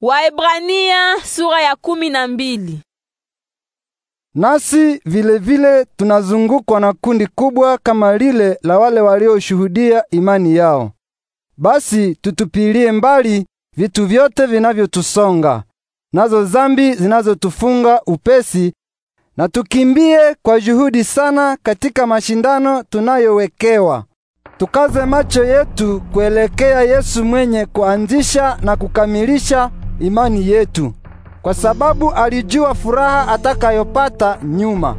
Waebrania sura ya kumi na mbili. Nasi vilevile vile tunazungukwa na kundi kubwa kama lile la wale walioshuhudia imani yao. Basi tutupilie mbali vitu vyote vinavyotusonga, nazo zambi zinazotufunga upesi, na tukimbie kwa juhudi sana katika mashindano tunayowekewa. Tukaze macho yetu kuelekea Yesu mwenye kuanzisha na kukamilisha imani yetu, kwa sababu alijua furaha atakayopata nyuma.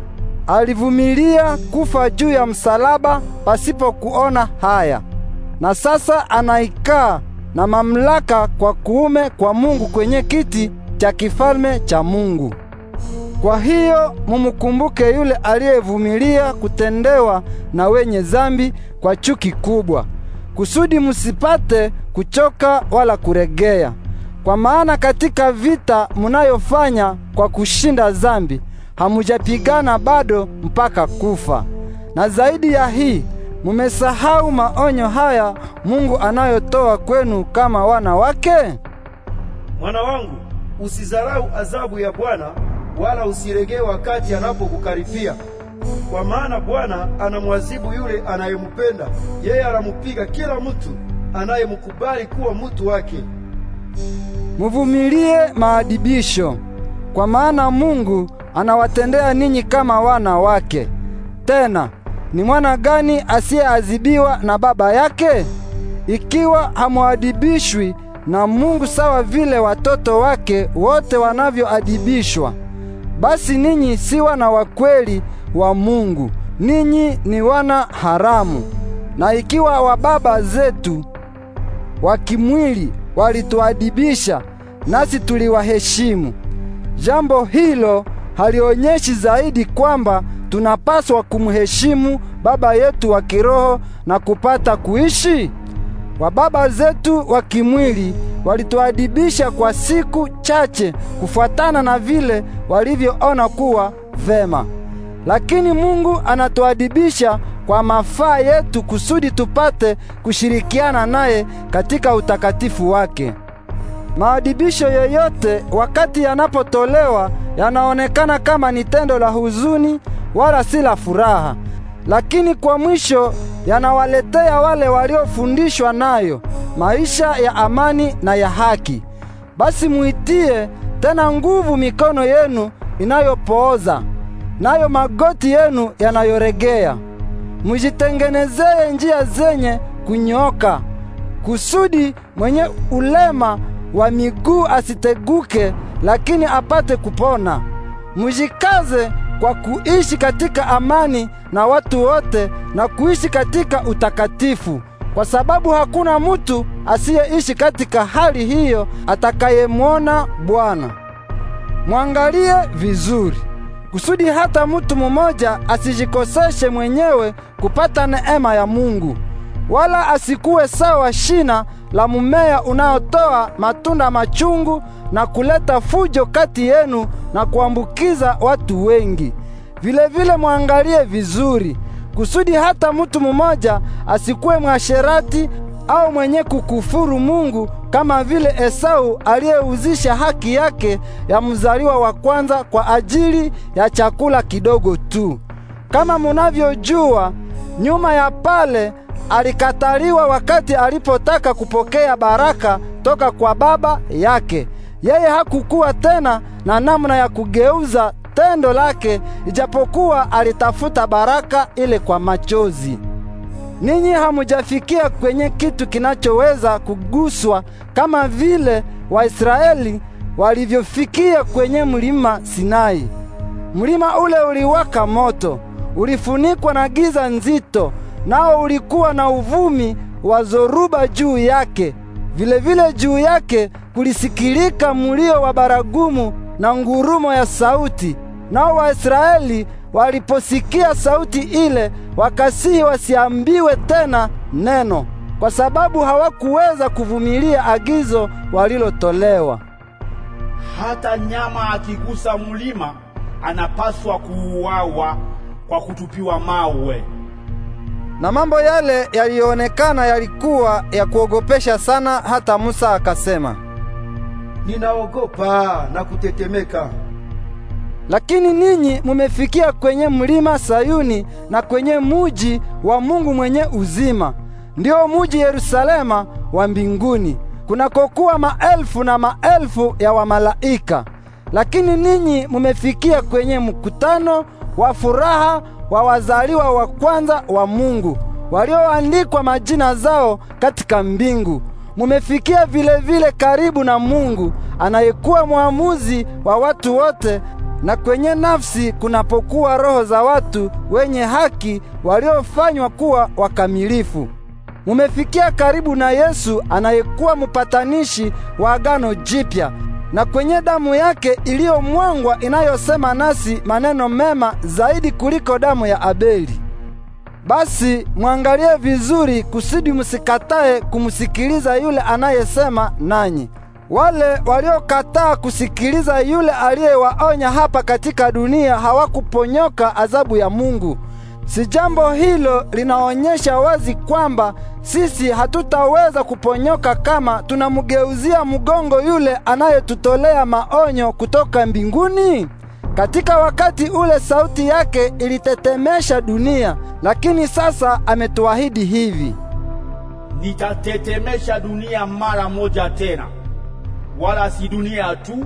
Alivumilia kufa juu ya msalaba pasipo kuona haya, na sasa anaikaa na mamlaka kwa kuume kwa Mungu kwenye kiti cha kifalme cha Mungu. Kwa hiyo mumukumbuke yule aliyevumilia kutendewa na wenye zambi kwa chuki kubwa, kusudi musipate kuchoka wala kuregea. Kwa maana katika vita munayofanya kwa kushinda zambi hamujapigana bado mpaka kufa. Na zaidi ya hii mumesahau maonyo haya Mungu anayotoa kwenu kama wana wake. Mwana wangu, usizarau adhabu ya Bwana wala usiregee wakati anapokukaribia. Kwa maana Bwana anamwadhibu yule anayemupenda, yeye anamupiga kila mtu anayemkubali kuwa mtu wake. Muvumilie maadibisho, kwa maana Mungu anawatendea ninyi kama wana wake. Tena ni mwana gani asiyeadhibiwa na baba yake? Ikiwa hamuadibishwi na Mungu sawa vile watoto wake wote wanavyoadibishwa, basi ninyi si wana wa kweli wa Mungu, ninyi ni wana haramu. Na ikiwa wa baba zetu wa kimwili walituadibisha, nasi tuliwaheshimu. Jambo hilo halionyeshi zaidi kwamba tunapaswa kumheshimu Baba yetu wa kiroho na kupata kuishi? wa baba zetu wa kimwili walituadibisha kwa siku chache kufuatana na vile walivyoona kuwa vema lakini Mungu anatuadibisha kwa mafaa yetu kusudi tupate kushirikiana naye katika utakatifu wake. Maadibisho yoyote wakati yanapotolewa yanaonekana kama ni tendo la huzuni wala si la furaha, lakini kwa mwisho yanawaletea wale waliofundishwa nayo maisha ya amani na ya haki. Basi muitie tena nguvu mikono yenu inayopooza nayo magoti yenu yanayoregea. Mujitengenezee njia zenye kunyoka, kusudi mwenye ulema wa miguu asiteguke, lakini apate kupona. Mujikaze kwa kuishi katika amani na watu wote na kuishi katika utakatifu, kwa sababu hakuna mutu asiyeishi katika hali hiyo atakayemwona Bwana. Mwangalie vizuri kusudi hata mtu mmoja asijikoseshe mwenyewe kupata neema ya Mungu, wala asikuwe sawa shina la mumea unaotoa matunda machungu na kuleta fujo kati yenu na kuambukiza watu wengi. Vilevile vile mwangalie vizuri kusudi hata mtu mmoja asikuwe mwasherati au mwenye kukufuru Mungu kama vile Esau aliyeuzisha haki yake ya mzaliwa wa kwanza kwa ajili ya chakula kidogo tu. Kama munavyojua, nyuma ya pale alikataliwa wakati alipotaka kupokea baraka toka kwa baba yake. Yeye hakukuwa tena na namna ya kugeuza tendo lake, ijapokuwa alitafuta baraka ile kwa machozi. Ninyi hamujafikia kwenye kitu kinachoweza kuguswa kama vile Waisraeli walivyofikia kwenye mlima Sinai. Mlima ule uliwaka moto, ulifunikwa na giza nzito, nao ulikuwa na uvumi wa zoruba juu yake. Vilevile vile juu yake kulisikilika mulio wa baragumu na ngurumo ya sauti, nao Waisraeli waliposikia sauti ile wakasihi wasiambiwe tena neno, kwa sababu hawakuweza kuvumilia agizo walilotolewa. Hata nyama akigusa mulima anapaswa kuuawa kwa kutupiwa mawe. Na mambo yale yaliyoonekana yalikuwa ya kuogopesha sana, hata Musa akasema, ninaogopa na kutetemeka. Lakini ninyi mumefikia kwenye mlima Sayuni na kwenye muji wa Mungu mwenye uzima, ndio muji Yerusalema wa mbinguni kunakokuwa maelfu na maelfu ya wamalaika. Lakini ninyi mumefikia kwenye mkutano wa furaha wa wazaliwa wa kwanza wa Mungu walioandikwa majina zao katika mbingu. Mumefikia vilevile vile karibu na Mungu anayekuwa mwamuzi wa watu wote na kwenye nafsi kunapokuwa roho za watu wenye haki waliofanywa kuwa wakamilifu. Mumefikia karibu na Yesu anayekuwa mupatanishi wa agano jipya na kwenye damu yake iliyomwangwa inayosema nasi maneno mema zaidi kuliko damu ya Abeli. Basi mwangalie vizuri kusudi musikatae kumsikiliza yule anayesema nanyi. Wale waliokataa kusikiliza yule aliyewaonya hapa katika dunia hawakuponyoka adhabu ya Mungu. Si jambo hilo linaonyesha wazi kwamba sisi hatutaweza kuponyoka kama tunamgeuzia mgongo yule anayetutolea maonyo kutoka mbinguni? Katika wakati ule sauti yake ilitetemesha dunia, lakini sasa ametuahidi hivi: Nitatetemesha dunia mara moja tena wala si dunia tu,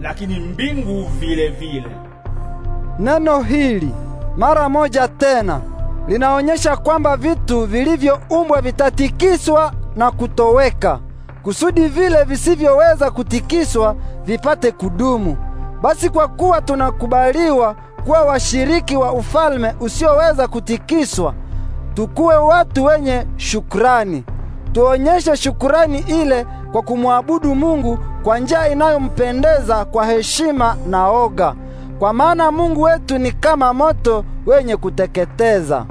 lakini mbingu vile vile. Neno hili mara moja tena linaonyesha kwamba vitu vilivyoumbwa vitatikiswa na kutoweka, kusudi vile visivyoweza kutikiswa vipate kudumu. Basi kwa kuwa tunakubaliwa kuwa washiriki wa ufalme usioweza kutikiswa, tukuwe watu wenye shukurani. Tuonyeshe shukurani ile kwa kumwabudu Mungu kwa njia inayompendeza kwa heshima na oga, kwa maana Mungu wetu ni kama moto wenye kuteketeza.